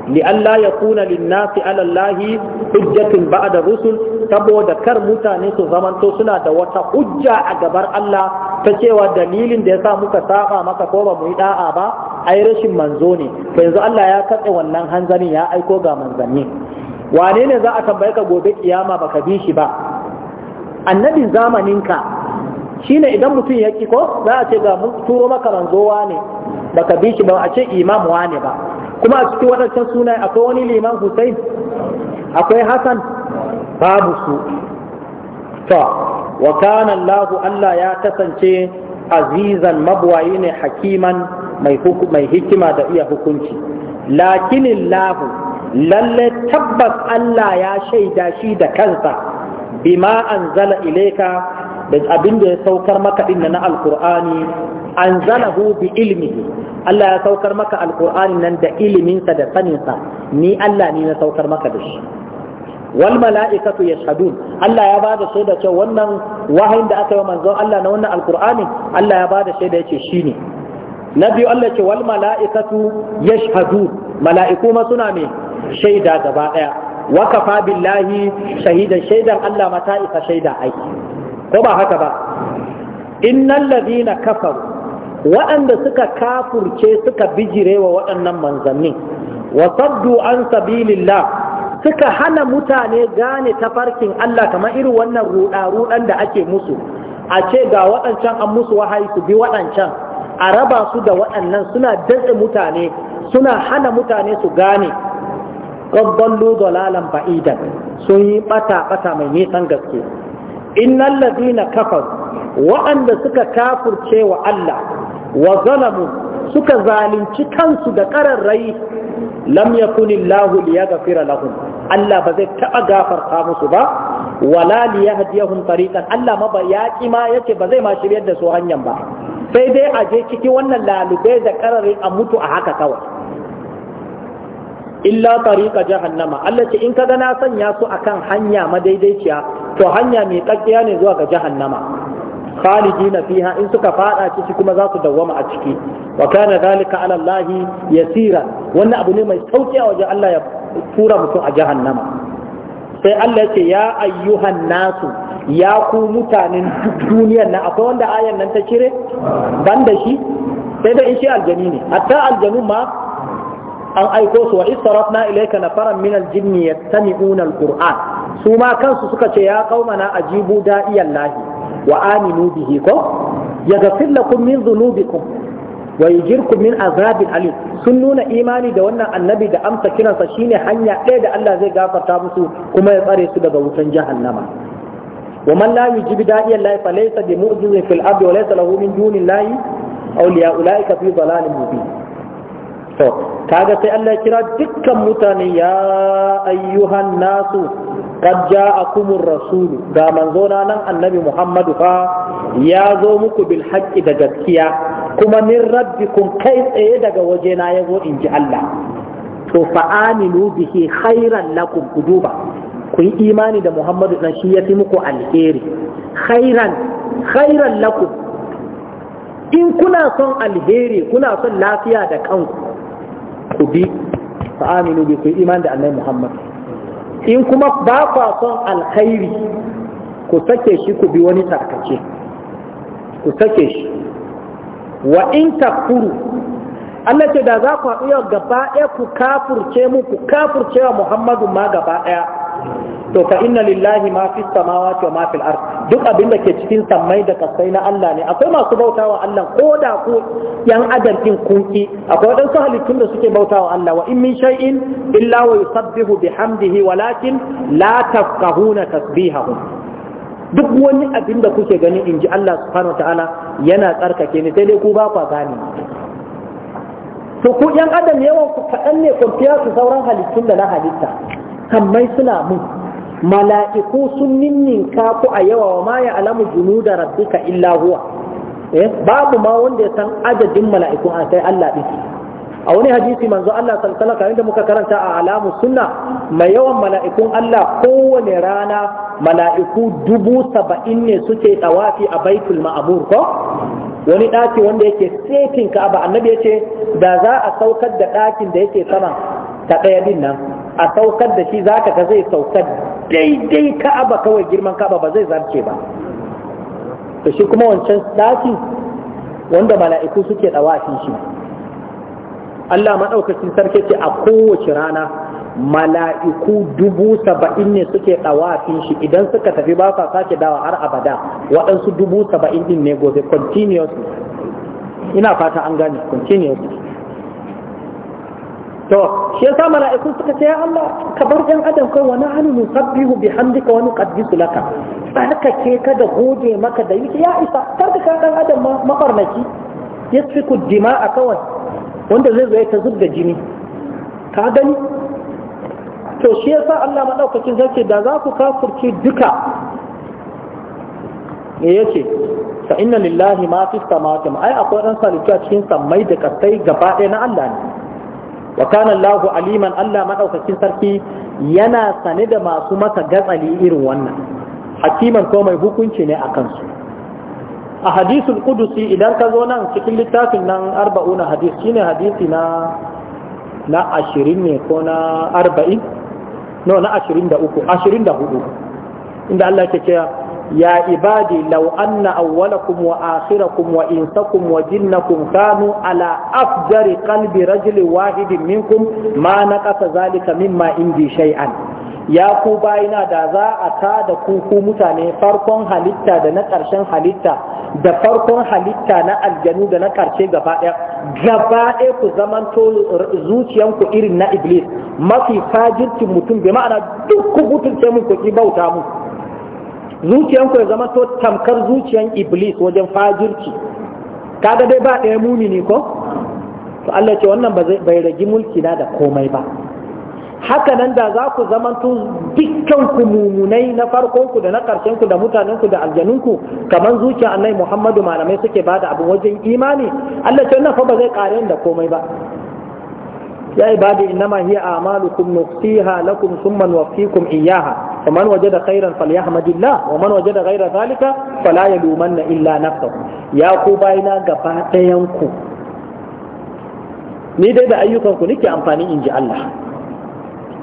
Ni Allah ya kuna linnasi alallahi hujjatun da rusul saboda kar mutane su zamanto suna da wata hujja a gabar Allah ta cewa dalilin da ya sa muka saba maka ko ba mu yi ɗa'a ba ai rashin manzo ne to yanzu Allah ya katse wannan hanzanin ya aiko ga manzanni Wanene za a tambaye ka gobe kiyama baka bi shi ba annabin zamaninka shine idan mutum ya ki ko za a ce ga mun turo maka manzowa ne baka bi shi ba a ce imam wane ba kuma a cikin waɗancan suna akwai wani liman Hussein akwai Hassan babu su to wa kana Allah Allah ya kasance azizan mabwayi ne hakiman mai hikima da iya hukunci lakinin lahu lalle tabbas Allah ya shaida shi da kansa bima anzala ilaika da abin da ya saukar maka din na alkur'ani anzalahu bi ilmihi Allah ya saukar maka alkur'ani nan da iliminsa da saninsa ni Allah ne na saukar maka da shi wal mala'ikatu yashhadun Allah ya bada shaida cewa wannan wahayin da aka yi manzon Allah na wannan alkur'ani Allah ya bada shaida yace shine na biyu Allah ce wal mala'ikatu yashhadun mala'iku ma suna me shaida gaba daya wa kafa billahi shahidan shaidan Allah mata isa shaida aiki ko ba haka ba innal ladina kafaru waɗanda suka kafurce suka bijirewa waɗannan manzannin wa saddu an sabilillah suka hana mutane gane tafarkin Allah kamar irin wannan ruɗa-ruɗan da ake musu a ce ga waɗancan an musu wahayi su bi waɗancan a raba su da waɗannan suna datse mutane suna hana mutane su gane ƙabballo dalalan ba'idan sun yi ɓata-ɓata mai nisan gaske innal ladina kafar waɗanda suka kafurce wa Allah wa zalamu suka zalunci kansu da ƙararrai lam yakunillahu liyaghfira lahum Allah ba zai taɓa gafarta musu ba wala liyahdiyahum tariqan Allah ma yaƙi ma yake ba zai ma shiryar da su hanyar ba sai dai a je ciki wannan lalube da ƙararrai a mutu a haka kawai illa tariqa jahannama Allah ce in kaga na sanya su akan hanya madaidaiciya to hanya mai tsakiya ne zuwa ga jahannama khalidina fiha in suka fada ciki kuma za su dawwama a ciki wa kana zalika ala Allah yasira wannan abu ne mai sauki a wajen Allah ya tura mutum a jahannama sai Allah ya ce ya ayyuhan nasu ya ku mutanen duniyar nan akwai wanda ayan nan ta cire ban da shi sai da in shi aljani ne hatta aljanu ma an aiko su wa istarafna ilayka nafaran min aljinn yastami'una alquran su ma kansu suka ce ya qaumana ajibu da'iyan lahi wa aminu bihi ko yaghfir lakum min dhunubikum wa yujirkum min azabin alim sun nuna imani da wannan annabi da amsa kiransa shine hanya ɗaya da Allah zai gafarta musu kuma ya tsare su daga wutan jahannama wa man la yujibu da'iyan lahi fa laysa bi mu'jizin fil ardi wa laysa lahu min duni awliya ulaika fi dhalalin mubin to kaga sai Allah ya kira dukkan mutane ya ayyuhan nasu qad ja'akumur rasul da manzo na nan annabi Muhammadu fa ya zo muku bil haqqi da gaskiya kuma min rabbikum kai tsaye daga waje na ya in ji Allah to fa aminu bihi khairan lakum kuduba ku yi imani da Muhammadu dan shi ya fi muku alheri khairan khairan lakum in kuna son alheri kuna son lafiya da kanku ku bi fa aminu bi ku iman da annabi Muhammad in kuma ba kwa son alkhairi ku sake shi ku bi wani tarkace ku sake shi wa in takfuru Allah ce da za ku haɗu yau gaba ɗaya ku kafurce mu ku kafurce wa Muhammadu ma gaba ɗaya to fa inna lillahi ma fi samawati wa ma fil ard duk abin da ke cikin sammai da kasai na Allah ne akwai masu bautawa Allah ko da ku yan adam din kunki akwai dan su halittun da suke bautawa Allah wa in min shay'in illa wa yusabbihu bihamdihi walakin la tafqahuna tasbihahum duk wani abin da kuke gani inji Allah subhanahu yana tsarkake ne sai dai ku ba ku to ku yan adam yawanku ku kaɗan ne fiya su sauran halittun da na halitta Kammai suna mun mala'iku sun ninninka ku a yawa wa ma ya alamu junuda rabbika illa huwa eh, babu ma wanda ya san adadin mala'ikun a sai Allah din a wani hadisi manzo Allah sallallahu alaihi da muka karanta a alamu sunna mai yawan mala'ikun Allah kowane rana mala'iku dubu saba'in ne suke tawafi a baitul ma'mur ko wani daki wanda yake setin ka'aba annabi yace da za a saukar da ɗakin da yake sama ta ɗaya din nan a saukar da shi zaka ka zai sauka daidai ka'aba kawai girman ka'aba ba zai zarce ba to shi kuma wancan daki wanda mala'iku suke a shi Allah maɗaukacin sarki ce a kowace rana mala'iku dubu saba'in ne suke a shi idan suka tafi ba sa sake dawa har abada waɗansu dubu saba'in ɗin ne gobe continuously ina fata an gane continuously to shi yasa mala'iku suka ce ya Allah ka bar ɗan adam kai wani hannu bi bihamdika wani qaddisu laka tsarkake ka da goge maka da yake ya isa karka ka ɗan adam mafarnaki yasfiku a kawai wanda zai zo ta zubda jini ka gani to shi yasa Allah madaukakin zai da za ku kafurci duka me yace fa inna lillahi ma fi samawati ai akwai ɗan salitu a cikin sammai da kasai gaba ɗaya na Allah ne wa kana Allahu aliman Allah madaukakin sarki yana sane da masu masa gatsali irin wannan hakiman ko mai hukunci ne akan su a hadisul qudusi idan ka zo nan cikin littafin nan arba'una hadis shine hadisi na na 20 ne ko na 40 no na 23 24 inda Allah ke cewa يا عبادي لو أن أولكم وآخركم وإنسكم وجنكم كانوا على أفجر قلب رجل واحد منكم ما نقص ذلك مما عندي شيئا ya ku bayina da za a ta da ku mutane farkon halitta da na ƙarshen halitta da farkon halitta na aljanu da na ƙarshe gaba ɗaya gaba ɗaya ku zamanto zuciyanku irin na iblis mafi fajircin mutum bai ma'ana duk ku mutunce mun ku ki bauta mu zuciyanku ya zama to tamkar zuciyan iblis wajen fajirci kaga dai ba ɗaya ne ko to Allah ce wannan bai ragi mulki na da komai ba haka nan da za ku zama to dukkan ku mumunai na farkon ku da na karshen ku da mutanen ku da aljanun ku kamar zuciya annai Muhammadu malamai suke bada abu wajen imani Allah ce wannan fa ba zai kare da komai ba يا عبادي إنما هي أعمالكم نخفيها لكم ثم نوفيكم إياها ومن وجد خيرا فليحمد الله ومن وجد غير ذلك فلا يلومن إلا نفسه يا قبائنا قبات ينكو ni dai da ayyukanku nake amfani in ji Allah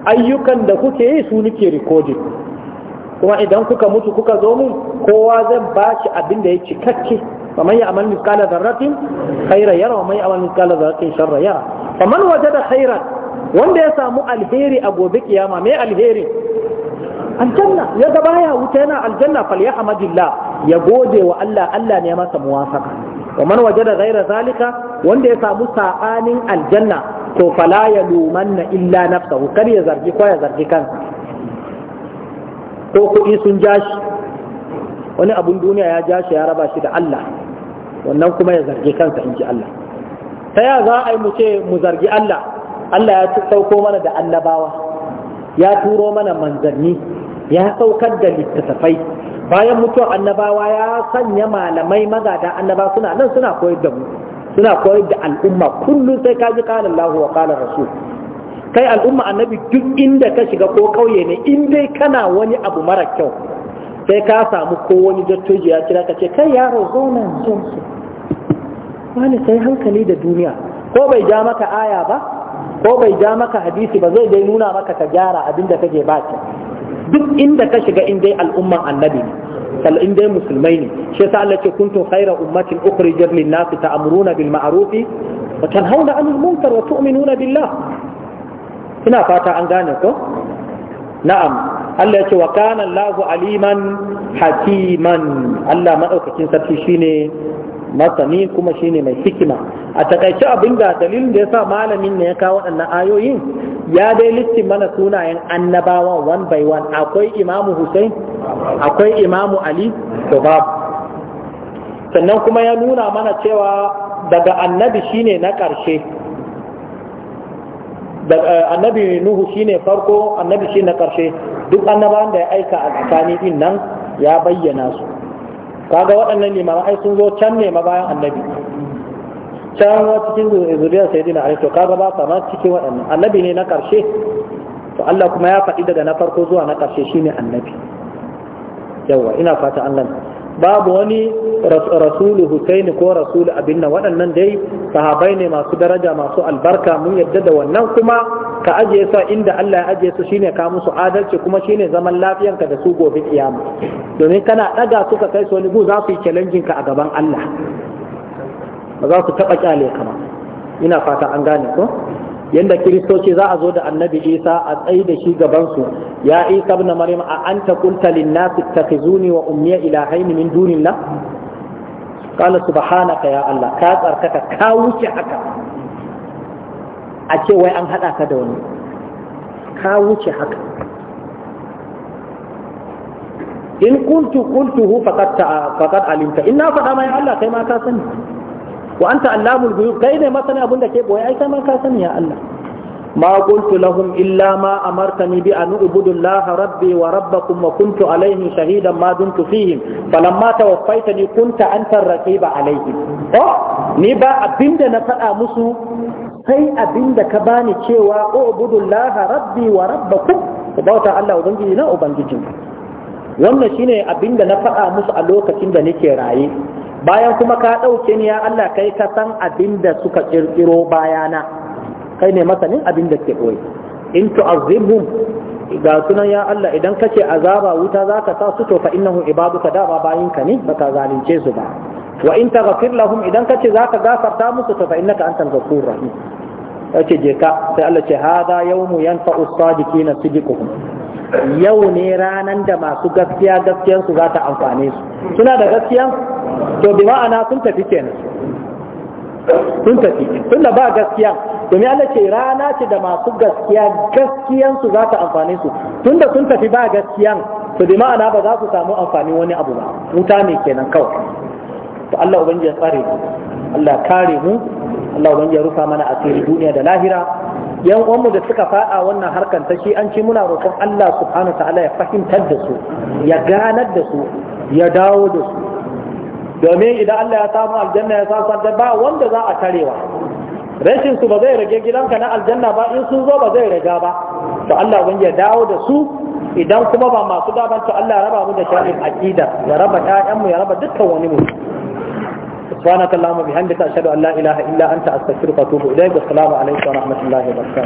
ayyukan da kuke yi su nake recording kuma idan kuka mutu kuka zo mun kowa zan ba shi abin da ya cikakke kamar ya amal miskala zarratin khaira yara wa mai amal miskala zarratin sharra yara kamar waje da khairan wanda ya samu alheri a gobe kiyama me alheri aljanna ya ga baya wuta yana aljanna fal yahmadillah ya gode wa Allah Allah ne masa muwafaka wa man wajada ghaira zalika wanda ya samu sa'anin aljanna to fala ya lumanna illa nafsahu kar ya zargi ko ya zargi kansa ko kuɗi sun ja shi wani abun duniya ya ja shi ya raba shi da Allah wannan kuma ya zargi kansa in ji Allah ta ya za a yi mu ce mu zargi Allah Allah ya sauko mana da annabawa ya turo mana manzanni ya saukar da littattafai bayan mutuwar annabawa ya sanya malamai magada annaba suna nan suna koyar da mu suna koyar da al'umma kullum sai ka ji qala lahu wa qala rasul kai al'umma annabi duk inda ka shiga ko kauye ne in dai kana wani abu mara kyau sai ka samu ko wani dattoji ya kira ka ce kai yaro zauna jinsu wani sai hankali da duniya ko bai ja maka aya ba ko bai ja maka hadisi ba zai dai nuna maka ka gyara abin da kake ba duk inda ka shiga in dai al'umman annabi ne in dai musulmai ne shi yasa Allah ce kuntum khayra ummatin ukhrijat lin-nas ta'muruna bil ma'ruf wa tanhauna 'anil munkar wa tu'minuna billah ina fata an gane ko na'am Allah ya ce wa kana Allahu aliman hakiman Allah maɗaukacin sarki shine masani kuma shine mai hikima a takaice abin da dalilin da ya sa malamin ne ya kawo waɗannan ayoyin ya dai listin mana sunayen annabawa one by one akwai imamu Hussein akwai imamu Ali to babu sannan kuma ya nuna mana cewa daga annabi shine na ƙarshe Eh, annabi nuhu shine farko annabi shine karshe duk annaban da ya aika a tsakani din nan ya bayyana su kaga waɗannan limaman ai sun zo can ne ma bayan annabi can wa cikin zuriyar sayyidina ali to kaga ba sama cikin waɗannan annabi ne na karshe to Allah kuma ya faɗi daga na farko zuwa na karshe shine annabi yawa ina fata Allah babu wani rasulu Hussaini ko rasulu abin nan waɗannan dai sahabai ne masu daraja masu albarka mun yadda da wannan kuma ka ajiye su inda Allah ya ajiye su shine ka musu adalci kuma shine zaman lafiyanka da su gobe kiyama domin kana ɗaga suka kai su wani bu za su yi challenge ka a gaban Allah ba za su taɓa kyale ka ba ina fata an gane ko Yadda kiristoci za a zo da annabi isa a tsayi da shi gabansu ya isa ibn maryam a anta qulta lin nas ittakhizuni wa ummiya ilahaini min dunillah qala subhanaka ya allah ka tsarkaka ka wuce haka a ce wai an hada ka da wani ka wuce haka in kuntu qultuhu faqad faqad alimta in na faɗa mai allah kai ma ka sani wa anta allamul ghuyub kai ne masani abin da ke boye ai kai ma ka sani ya Allah ma qultu lahum illa ma amartani bi an ubudu Allah rabbi wa rabbakum wa kuntu alaihim shahidan ma dumtu fihim falamma tawaffaytani kunta anta ar-raqiba alaihim to ni ba abinda na faɗa musu sai abinda ka bani cewa ubudu Allah rabbi wa rabbakum bauta Allah ubangiji na ubangijin wannan shine abinda na faɗa musu a lokacin da nake raye bayan kuma ka ɗauke ni ya Allah kai ka san abin da suka ƙirƙiro bayana kai ne masanin abin da ke ɓoye in azibhum ga sunan ya Allah idan kace azaba wuta zaka sa su to fa innahu ibaduka da ba ka ne baka zalunce su ba wa in taghfir lahum idan kace zaka gafarta musu to fa innaka antal ghafurur rahim kace je ka sai Allah ce hada yawmu yanfa'u sadiqina sidiquhum yau ne ranan da masu gaskiya gaskiyansu za ta amfane su suna da gaskiya to bi ma'ana sun tafi kenan sun tafi da ba gaskiya domin Allah ce rana ce da masu gaskiya gaskiyansu za ta amfane su tun da sun tafi ba gaskiya to bi ma'ana ba za su samu amfani wani abu ba wuta ne kenan kawai to Allah ubangiji ya tsare mu Allah kare mu Allah ubangiji ya rufa mana asiri duniya da lahira yan uwanmu da suka faɗa wannan harkar ta shi an ci muna roƙon Allah subhanahu ta'ala ya fahimtar da su ya ganar da su ya dawo da su domin idan Allah ya samu aljanna ya samu da ba wanda za a tarewa rashin su ba zai rage gidanka na aljanna ba in sun zo ba zai raga ba to Allah ban ya dawo da su idan kuma ba masu daban to Allah ya raba mu da sharrin aqida ya raba ƴaƴanmu ya raba dukkan wani mu subhanakallahumma bihamdika ashhadu an la ilaha illa anta astaghfiruka wa atubu ilaik wa assalamu alaikum wa rahmatullahi wa